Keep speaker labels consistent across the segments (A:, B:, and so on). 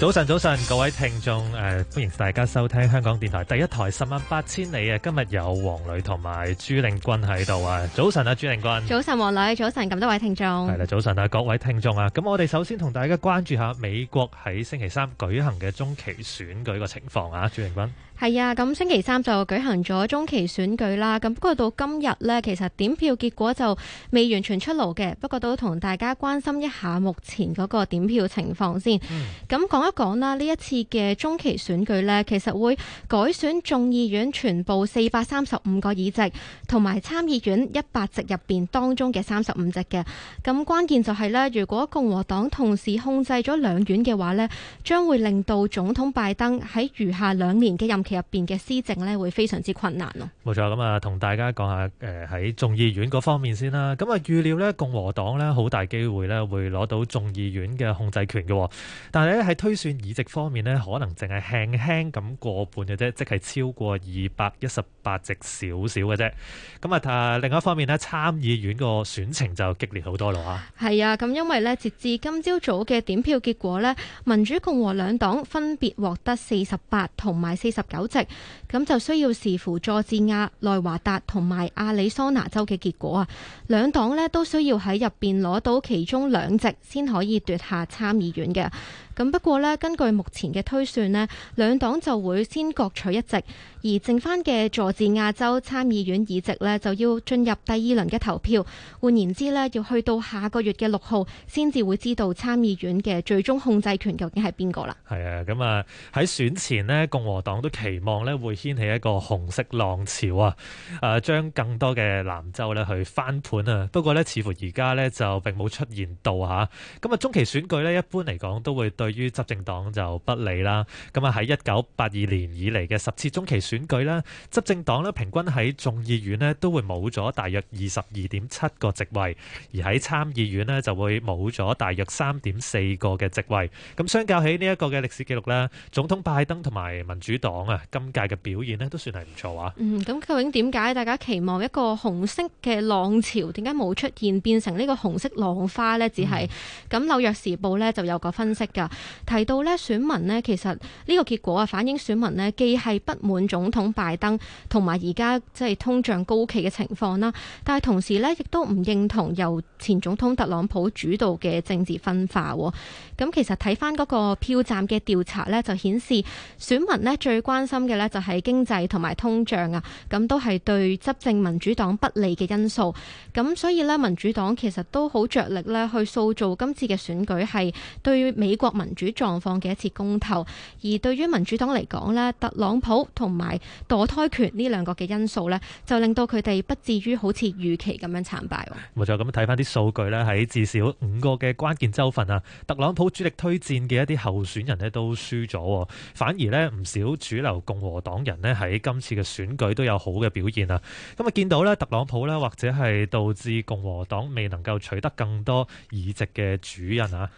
A: 早晨，早晨，各位聽眾，誒、呃，歡迎大家收聽香港電台第一台十萬八千里啊！今日有黃磊同埋朱令君喺度啊！早晨啊，朱令君，早
B: 晨黃磊，早晨咁多位聽眾，係
A: 啦，早晨啊各位聽眾啊，咁我哋首先同大家關注下美國喺星期三舉行嘅中期選舉個情況啊，朱令君。
B: 係啊，咁星期三就舉行咗中期選舉啦。咁不過到今日呢，其實點票結果就未完全出爐嘅。不過都同大家關心一下目前嗰個點票情況先。咁講、嗯、一講啦，呢一次嘅中期選舉呢，其實會改選眾議院全部四百三十五個議席，同埋參議院一百席入邊當中嘅三十五席嘅。咁關鍵就係、是、呢，如果共和黨同時控制咗兩院嘅話，呢將會令到總統拜登喺餘下兩年嘅任入邊嘅施政呢，會非常之困難咯。
A: 冇錯，咁啊，同大家講下，誒喺眾議院嗰方面先啦。咁啊，預料呢，共和黨呢，好大機會呢，會攞到眾議院嘅控制權嘅。但係咧，喺推算議席方面呢，可能淨係輕輕咁過半嘅啫，即係超過二百一十八席少少嘅啫。咁啊，另一方面呢，參議院個選情就激烈好多咯。
B: 吓，係啊，咁因為呢，截至今朝早嘅點票結果呢，民主共和兩黨分別獲得四十八同埋四十九。九席，咁就需要視乎佐治亞、內華達同埋亞利桑那州嘅結果啊。兩黨呢都需要喺入邊攞到其中兩席，先可以奪下參議院嘅。 咁不過呢，根據目前嘅推算呢，兩黨就會先各取一席，而剩翻嘅佐治亞州參議院議席呢，就要進入第二輪嘅投票。換言之呢，要去到下個月嘅六號先至會知道參議院嘅最終控制權究竟係邊個啦。
A: 係啊，咁啊喺選前呢，共和黨都期望呢會掀起一個紅色浪潮啊，誒將更多嘅南州呢去翻盤啊。不過呢，似乎而家呢就並冇出現到嚇。咁啊，中期選舉呢，一般嚟講都會對。對於執政黨就不利啦。咁啊喺一九八二年以嚟嘅十次中期選舉咧，執政黨咧平均喺眾議院咧都會冇咗大約二十二點七個席位，而喺參議院咧就會冇咗大約三點四個嘅席位。咁相較起呢一個嘅歷史記錄咧，總統拜登同埋民主黨啊，今屆嘅表現咧都算係唔錯啊。嗯，
B: 咁究竟點解大家期望一個紅色嘅浪潮，點解冇出現變成呢個紅色浪花咧？只係咁《紐約時報》咧就有個分析㗎。提到呢選民呢，其實呢個結果啊，反映選民呢既係不滿總統拜登同埋而家即係通脹高企嘅情況啦，但係同時呢，亦都唔認同由前總統特朗普主導嘅政治分化。咁其實睇返嗰個票站嘅調查呢，就顯示選民呢最關心嘅呢就係經濟同埋通脹啊，咁都係對執政民主黨不利嘅因素。咁所以呢，民主黨其實都好着力呢去塑造今次嘅選舉係對美國民民主狀況嘅一次公投，而對於民主黨嚟講呢，特朗普同埋墮胎權呢兩個嘅因素呢就令到佢哋不至於好似預期咁樣慘敗。冇
A: 錯，咁睇翻啲數據呢，喺至少五個嘅關鍵州份啊，特朗普主力推薦嘅一啲候選人呢都輸咗，反而呢唔少主流共和黨人呢喺今次嘅選舉都有好嘅表現啊！咁啊，見到呢，特朗普呢，或者係導致共和黨未能夠取得更多議席嘅主人啊。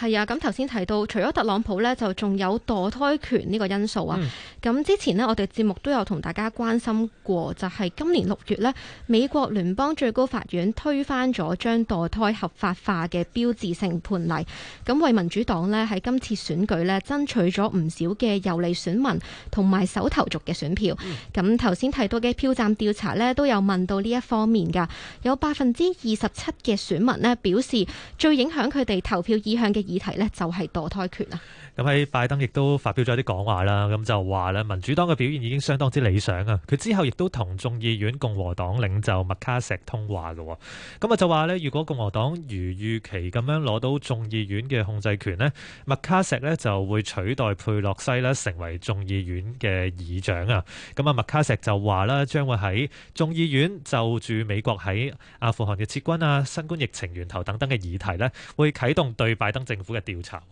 B: 係啊，咁頭先提到，除咗特朗普呢，就仲有墮胎權呢個因素啊。咁、嗯、之前呢，我哋節目都有同大家關心過，就係、是、今年六月呢，美國聯邦最高法院推翻咗將墮胎合法化嘅標誌性判例，咁為民主黨呢，喺今次選舉呢，爭取咗唔少嘅遊離選民同埋首投族嘅選票。咁頭先提到嘅票站調查呢，都有問到呢一方面㗎，有百分之二十七嘅選民呢，表示最影響佢哋投票意向嘅議題呢就係墮胎權
A: 啦！咁喺拜登亦都發表咗一啲講話啦，咁就話啦，民主黨嘅表現已經相當之理想啊！佢之後亦都同眾議院共和黨領袖麥卡錫通話嘅，咁啊就話呢，如果共和黨如預期咁樣攞到眾議院嘅控制權呢，麥卡錫呢就會取代佩洛西呢成為眾議院嘅議長啊！咁啊麥卡錫就話咧，將會喺眾議院就住美國喺阿富汗嘅撤軍啊、新冠疫情源頭等等嘅議題呢，會啟動對拜登政政府嘅調查。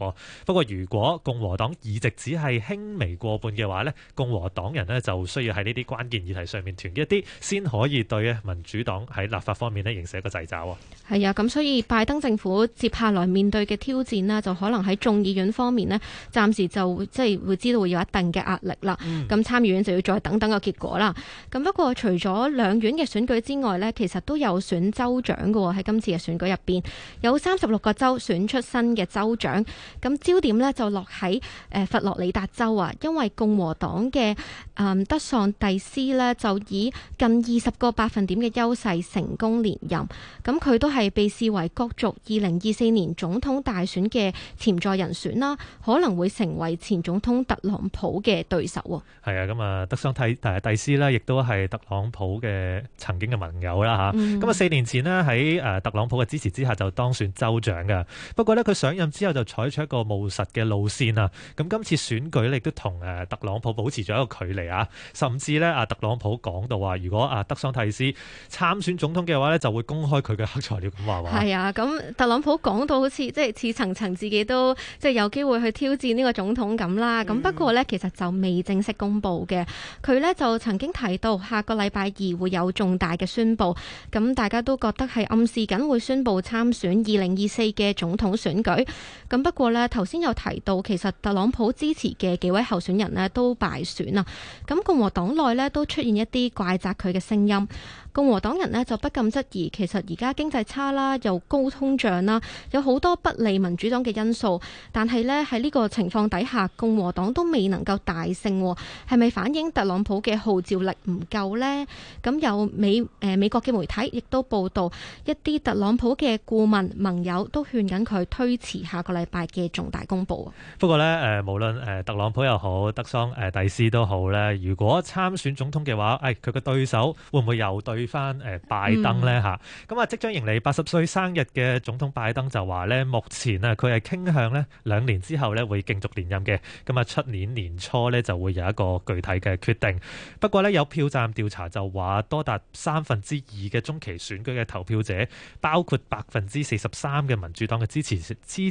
A: 不過，如果共和黨議席只係輕微過半嘅話咧，共和黨人咧就需要喺呢啲關鍵議題上面團結一啲，先可以對民主黨喺立法方面咧形成一個制肘。
B: 係啊，咁所以拜登政府接下來面對嘅挑戰啦，就可能喺眾議院方面咧，暫時就即係會知道會有一定嘅壓力啦。咁、嗯、參議院就要再等等個結果啦。咁不過除咗兩院嘅選舉之外咧，其實都有選州長嘅喎。喺今次嘅選舉入邊，有三十六個州選出新嘅。州長，咁焦點呢就落喺誒佛羅里達州啊，因為共和黨嘅誒德桑蒂斯呢就以近二十個百分點嘅優勢成功連任，咁佢都係被視為角逐二零二四年總統大選嘅潛在人選啦，可能會成為前總統特朗普嘅對手。
A: 係啊，咁啊德桑蒂誒蒂斯呢亦都係特朗普嘅曾經嘅盟友啦吓，咁啊、嗯、四年前呢喺誒特朗普嘅支持之下就當選州長㗎，不過呢，佢想。任之後就採取一個務實嘅路線啊。咁今次選舉，亦都同誒特朗普保持咗一個距離啊。甚至咧，阿特朗普講到話，如果阿德桑蒂斯參選總統嘅話咧，就會公開佢嘅黑材料咁話話。係
B: 啊，咁特朗普講到好似即係似層層自己都即係有機會去挑戰呢個總統咁啦。咁、嗯、不過咧，其實就未正式公佈嘅。佢咧就曾經提到下個禮拜二會有重大嘅宣佈，咁大家都覺得係暗示緊會宣佈參選二零二四嘅總統選舉。咁不過呢，頭先有提到，其實特朗普支持嘅幾位候選人呢都敗選啦。咁共和黨內呢都出現一啲怪責佢嘅聲音，共和黨人呢就不禁質疑，其實而家經濟差啦，又高通脹啦，有好多不利民主黨嘅因素。但係呢，喺呢個情況底下，共和黨都未能夠大勝，係咪反映特朗普嘅號召力唔夠呢？咁有美誒、呃、美國嘅媒體亦都報道，一啲特朗普嘅顧問盟友都勸緊佢推遲。下個禮拜嘅重大公布啊！
A: 不過咧，誒，無論誒特朗普又好，德桑誒蒂斯都好咧，如果參選總統嘅話，誒、哎，佢嘅對手會唔會又對翻誒拜登呢？吓、嗯，咁啊，即將迎嚟八十歲生日嘅總統拜登就話咧，目前啊，佢係傾向咧，兩年之後咧會競逐連任嘅，咁啊，出年年初咧就會有一個具體嘅決定。不過咧，有票站調查就話，多達三分之二嘅中期選舉嘅投票者，包括百分之四十三嘅民主黨嘅支持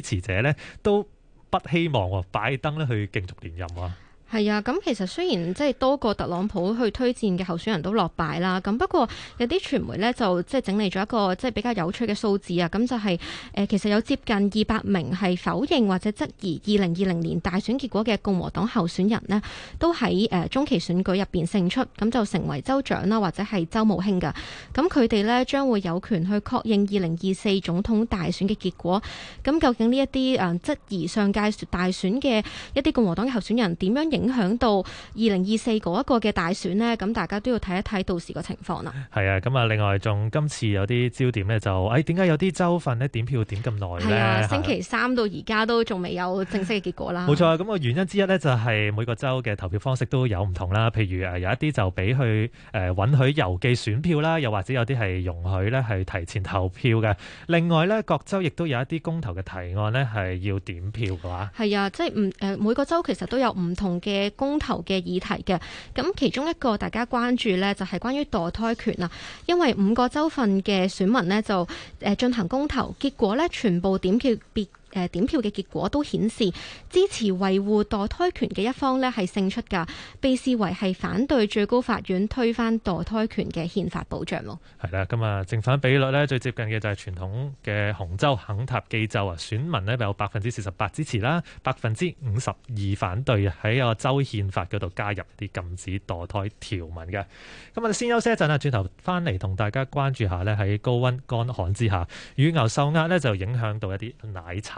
A: 支持者咧都不希望拜登咧去競逐連任。
B: 係啊，咁其實雖然即係多個特朗普去推薦嘅候選人都落敗啦，咁不過有啲傳媒呢，就即係整理咗一個即係比較有趣嘅數字啊，咁就係、是、誒其實有接近二百名係否認或者質疑二零二零年大選結果嘅共和黨候選人呢，都喺誒中期選舉入邊勝出，咁就成為州長啦或者係州務卿嘅，咁佢哋呢，將會有權去確認二零二四總統大選嘅結果。咁究竟呢一啲誒質疑上屆大選嘅一啲共和黨嘅候選人點樣，影響到二零二四嗰一個嘅大選呢，咁大家都要睇一睇到時個情況啦。
A: 係啊，咁啊，另外仲今次有啲焦點呢，就誒點解有啲州份呢點票點咁耐呢？係啊，星期
B: 三到而家都仲未有正式嘅結果
A: 啦。冇錯啊，咁個原因之一呢，就係每個州嘅投票方式都有唔同啦。譬如誒有一啲就俾佢誒允許郵寄選票啦，又或者有啲係容許呢係提前投票嘅。另外呢，各州亦都有一啲公投嘅提案呢係要點票嘅話，
B: 係啊，即係唔誒每個州其實都有唔同。嘅公投嘅議題嘅，咁其中一個大家關注咧，就係、是、關於墮胎權啊，因為五個州份嘅選民咧就誒進行公投，結果咧全部點票別。誒點票嘅結果都顯示支持維護墮胎權嘅一方咧係勝出㗎，被視為係反對最高法院推翻墮胎權嘅憲法保障咯。
A: 係啦，咁啊正反比率咧最接近嘅就係傳統嘅紅州肯塔基州啊，選民咧有百分之四十八支持啦，百分之五十二反對喺個州憲法嗰度加入啲禁止墮胎條文嘅。咁我哋先休息一陣啦，轉頭翻嚟同大家關注下咧喺高溫乾旱之下，乳牛受壓咧就影響到一啲奶產。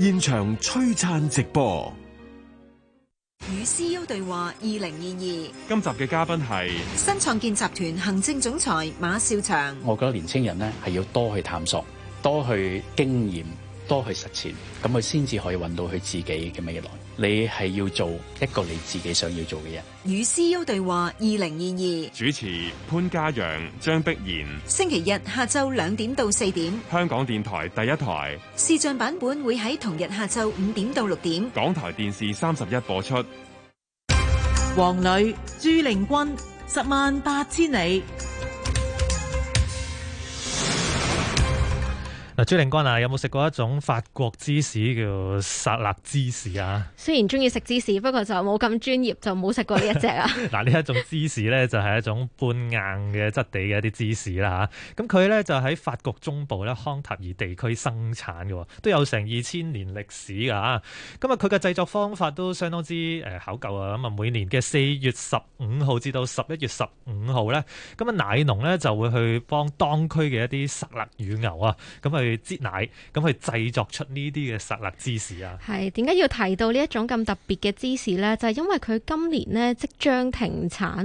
A: 現場璀璨直播，
C: 與 CEO 對話二零二二。
A: 今集嘅嘉賓係
C: 新創建集團行政總裁馬少祥。
A: 我覺得年青人咧，係要多去探索，多去經驗，多去實踐，咁佢先至可以搵到佢自己嘅未來。你係要做一個你自己想要做嘅人。
C: 與 CEO 對話二零二二，
A: 主持潘嘉陽、張碧賢。
C: 星期日下晝兩點到四點，
A: 香港電台第一台
C: 視像版本會喺同日下晝五點到六點，
A: 港台電視三十一播出。王磊、朱玲君，十萬八千里。朱令君啊，有冇食過一種法國芝士叫薩勒芝士啊？
B: 雖然中意食芝士，不過就冇咁專業，就冇食過呢一隻啊！
A: 嗱，呢一種芝士咧就係一種半硬嘅質地嘅一啲芝士啦吓，咁佢咧就喺法國中部咧康塔爾地區生產嘅，都有成二千年歷史噶，咁啊佢嘅製作方法都相當之誒考究啊，咁啊每年嘅四月十五號至到十一月十五號咧，咁啊奶農咧就會去幫當區嘅一啲薩勒乳牛啊，咁啊。去擠奶，咁去製作出呢啲嘅薩勒芝士啊。
B: 係點解要提到呢一種咁特別嘅芝士呢？就係、是、因為佢今年呢即將停產。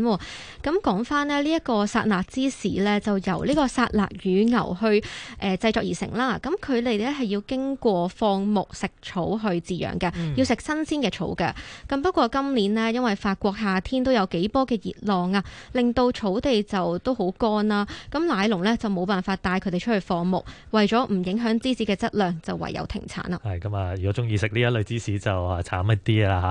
B: 咁講返呢，呢一個薩勒芝士呢就由呢個薩勒乳牛去誒、呃、製作而成啦。咁佢哋呢係要經過放牧食草去飼養嘅，嗯、要食新鮮嘅草嘅。咁不過今年呢，因為法國夏天都有幾波嘅熱浪啊，令到草地就都好乾啦。咁奶農呢就冇辦法帶佢哋出去放牧，為咗唔影響芝士嘅質量，就唯有停產啦。係
A: 咁啊！如果中意食呢一類芝士，就啊慘一啲啦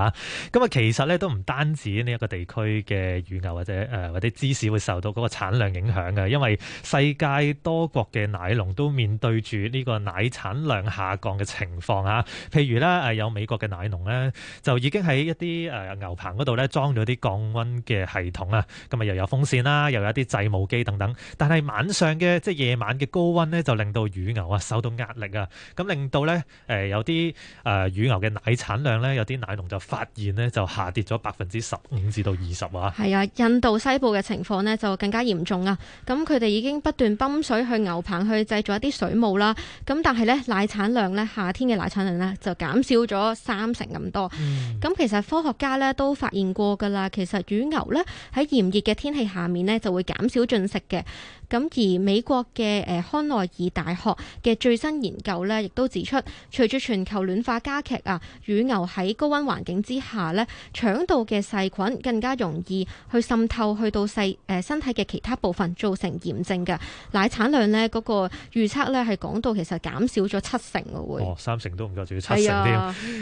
A: 嚇。咁啊，其實咧都唔單止呢一個地區嘅乳牛或者誒或者芝士會受到嗰個產量影響嘅，因為世界多國嘅奶農都面對住呢個奶產量下降嘅情況啊。譬如咧，誒有美國嘅奶農咧，就已經喺一啲誒牛棚嗰度咧裝咗啲降溫嘅系統啊。咁啊，又有風扇啦，又有一啲製霧機等等。但係晚上嘅即係夜晚嘅高溫咧，就令到乳牛受到壓力啊，咁令到呢，誒有啲誒乳牛嘅奶產量呢，有啲奶農就發現呢，就下跌咗百分之十五至到二十啊！係
B: 啊，印度西部嘅情況呢，就更加嚴重啊！咁佢哋已經不斷泵水去牛棚去製造一啲水霧啦。咁但係呢，奶產量呢，夏天嘅奶產量呢，就減少咗三成咁多。咁、嗯、其實科學家呢，都發現過㗎啦，其實乳牛呢，喺炎熱嘅天氣下面呢，就會減少進食嘅。咁而美國嘅誒康奈爾大學嘅最新研究咧，亦都指出，隨住全球暖化加劇啊，乳牛喺高溫環境之下咧，腸道嘅細菌更加容易去滲透去到細誒、呃、身體嘅其他部分，造成炎症嘅奶產量呢嗰、那個預測咧，係講到其實減少咗七成嘅喎、
A: 哦。三成都唔夠，仲要七成添。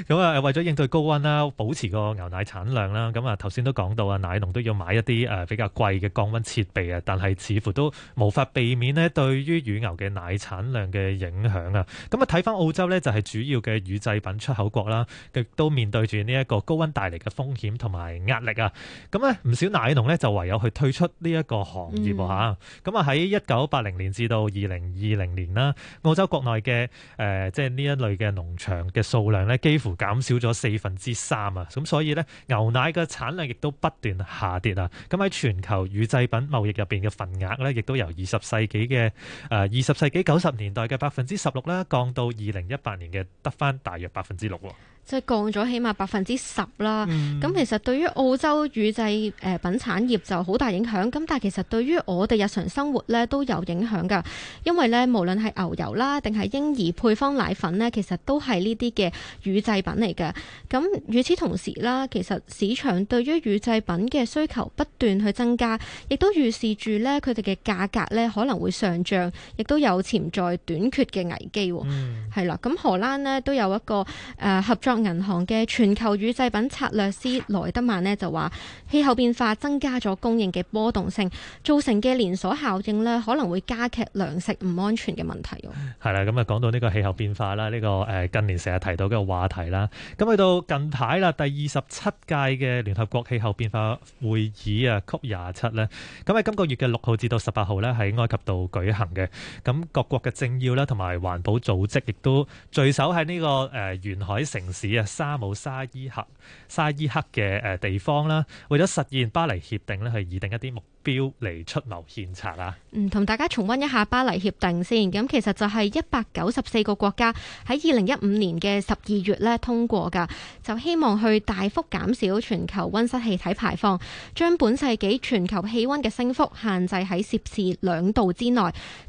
A: 咁啊，為咗應對高溫啦，保持個牛奶產量啦，咁啊頭先都講到啊，奶農都要買一啲誒比較貴嘅降溫設備啊，但係似乎都無法避免咧，對於乳牛嘅奶產量嘅影響啊！咁啊，睇翻澳洲呢，就係主要嘅乳製品出口國啦，亦都面對住呢一個高温帶嚟嘅風險同埋壓力啊！咁呢唔少奶農呢，就唯有去退出呢一個行業喎嚇。咁啊，喺一九八零年至到二零二零年啦，澳洲國內嘅誒即係呢一類嘅農場嘅數量呢，幾乎減少咗四分之三啊！咁所以呢，牛奶嘅產量亦都不斷下跌啊！咁喺全球乳製品貿易入邊嘅份額呢，亦都有，由二十世紀嘅誒二十世紀九十年代嘅百分之十六啦，降到二零一八年嘅得返大約百分之六。
B: 即係降咗起碼百分之十啦，咁、嗯、其實對於澳洲乳製品產業就好大影響，咁但係其實對於我哋日常生活咧都有影響噶，因為咧無論係牛油啦，定係嬰兒配方奶粉咧，其實都係呢啲嘅乳製品嚟嘅。咁與此同時啦，其實市場對於乳製品嘅需求不斷去增加，亦都預示住咧佢哋嘅價格咧可能會上漲，亦都有潛在短缺嘅危機，係、嗯、啦，咁荷蘭咧都有一個誒、呃、合作。銀行嘅全球乳製品策略師萊德曼咧就話，氣候變化增加咗供應嘅波動性，造成嘅連鎖效應咧，可能會加劇糧食唔安全嘅問題。
A: 係啦，咁啊講到呢個氣候變化啦，呢、這個誒、呃、近年成日提到嘅話題啦，咁去到近排啦，第二十七屆嘅聯合國氣候變化會議啊 COP 廿七咧，咁喺今個月嘅六號至到十八號呢，喺埃及度舉行嘅，咁各國嘅政要啦，同埋環保組織亦都聚首喺呢、這個誒、呃、沿海城市。啊沙姆沙伊克沙伊克嘅誒地方啦，為咗實現巴黎協定咧，去擬定一啲目標嚟出謀獻策啊！嗯，
B: 同大家重溫一下巴黎協定先。咁其實就係一百九十四個國家喺二零一五年嘅十二月咧通過㗎，就希望去大幅減少全球溫室氣體排放，將本世紀全球氣溫嘅升幅限制喺攝氏兩度之內，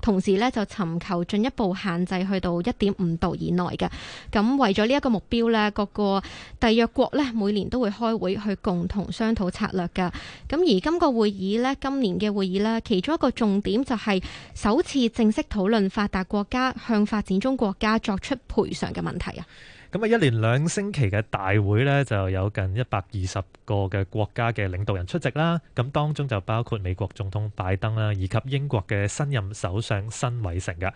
B: 同時呢，就尋求進一步限制去到一點五度以內嘅。咁為咗呢一個目標呢，各個締約國咧每年都會開會去共同商討策略㗎。咁而今個會議呢。今年嘅會議呢，其中一個重點就係首次正式討論發達國家向發展中國家作出賠償嘅問題啊。
A: 咁啊，一連兩星期嘅大會咧，就有近一百二十個嘅國家嘅領導人出席啦。咁當中就包括美國總統拜登啦，以及英國嘅新任首相辛偉誠噶。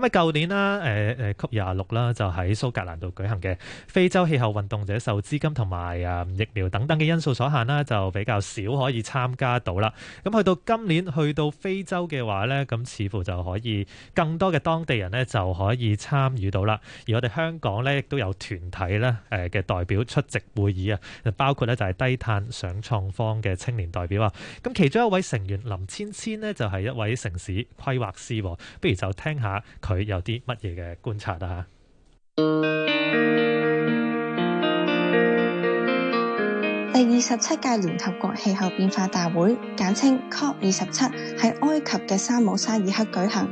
A: 咁喺舊年啦，誒誒，廿六啦，就喺蘇格蘭度舉行嘅。非洲氣候運動者受資金同埋啊疫苗等等嘅因素所限啦，就比較少可以參加到啦。咁去到今年，去到非洲嘅話咧，咁似乎就可以更多嘅當地人咧就可以參與到啦。而我哋香港咧，亦都有，團體咧，誒嘅代表出席會議啊，包括咧就係低碳想創坊嘅青年代表啊。咁其中一位成員林芊芊咧，就係一位城市規劃師，不如就聽下佢有啲乜嘢嘅觀察啦。
C: 嚇！第二十七屆聯合國氣候變化大會，簡稱 COP 二十七，喺埃及嘅沙姆沙爾克舉行。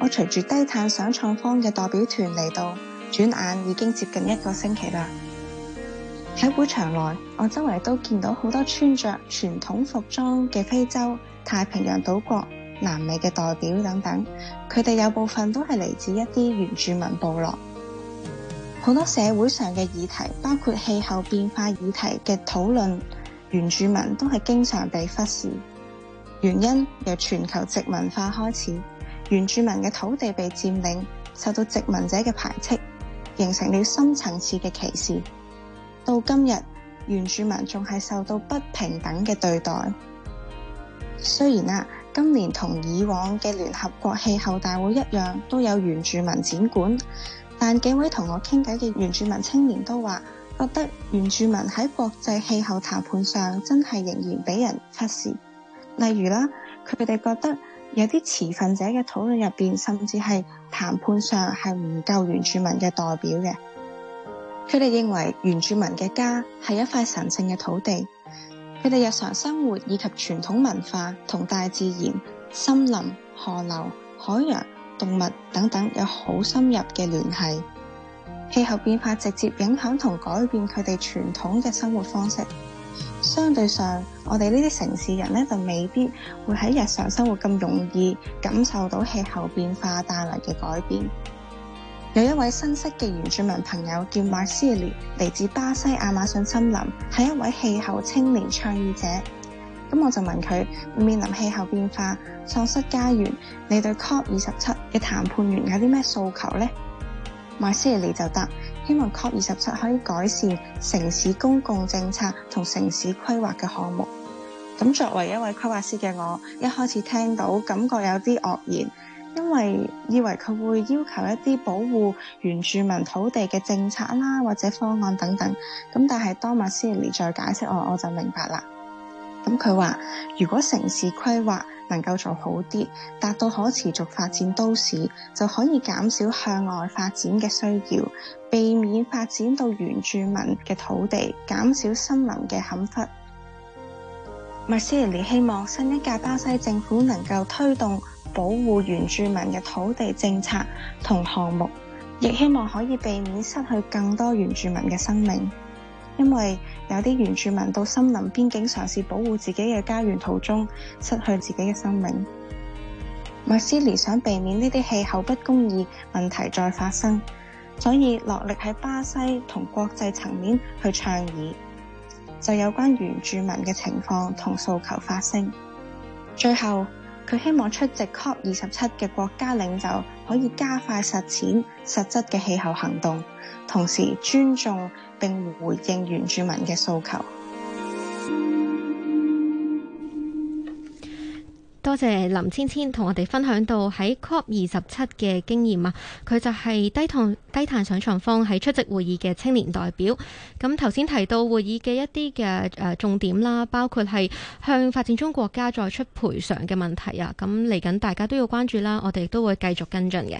C: 我隨住低碳想創坊嘅代表團嚟到。轉眼已經接近一個星期啦。喺會場內，我周圍都見到好多穿着傳統服裝嘅非洲、太平洋島國、南美嘅代表等等，佢哋有部分都係嚟自一啲原住民部落。好多社會上嘅議題，包括氣候變化議題嘅討論，原住民都係經常被忽視。原因由全球殖民化開始，原住民嘅土地被佔領，受到殖民者嘅排斥。形成了深層次嘅歧視，到今日原住民仲係受到不平等嘅對待。雖然啊，今年同以往嘅聯合國氣候大會一樣，都有原住民展館，但幾位同我傾偈嘅原住民青年都話，覺得原住民喺國際氣候談判上真係仍然俾人忽視。例如啦，佢哋覺得。有啲持份者嘅討論入邊，甚至係談判上係唔夠原住民嘅代表嘅。佢哋認為原住民嘅家係一塊神聖嘅土地，佢哋日常生活以及傳統文化同大自然、森林、河流、海洋、動物等等有好深入嘅聯繫。氣候變化直接影響同改變佢哋傳統嘅生活方式。相對上，我哋呢啲城市人呢，就未必會喺日常生活咁容易感受到氣候變化帶來嘅改變。有一位新識嘅原住民朋友叫馬斯列尼，嚟自巴西亞馬遜森林，係一位氣候青年倡議者。咁我就問佢：面臨氣候變化、喪失家園，你對《COP 二十七》嘅談判員有啲咩訴求呢？」馬斯列尼就答：希望 COP 二十七可以改善城市公共政策同城市規劃嘅項目。咁作為一位規劃師嘅我，一開始聽到感覺有啲愕然，因為以為佢會要求一啲保護原住民土地嘅政策啦，或者方案等等。咁但係當 Masili 再解釋我，我就明白啦。咁佢話，如果城市規劃能夠做好啲，達到可持續發展都市，就可以減少向外發展嘅需要，避免發展到原住民嘅土地，減少森林嘅砍伐。馬斯尼希望新一屆巴西政府能夠推動保護原住民嘅土地政策同項目，亦希望可以避免失去更多原住民嘅生命。因為有啲原住民到森林邊境嘗試保護自己嘅家園途中，失去自己嘅生命。麥斯尼想避免呢啲氣候不公義問題再發生，所以落力喺巴西同國際層面去倡議，就有關原住民嘅情況同訴求發聲。最後。佢希望出席 COP 二十七嘅國家領袖可以加快實踐實質嘅氣候行動，同時尊重並回應原住民嘅訴求。
B: 多謝林芊芊同我哋分享到喺 COP 二十七嘅經驗啊，佢就係低碳低碳想創坊喺出席會議嘅青年代表。咁頭先提到會議嘅一啲嘅誒重點啦，包括係向發展中國家作出賠償嘅問題啊。咁嚟緊大家都要關注啦，我哋都會繼續跟進嘅。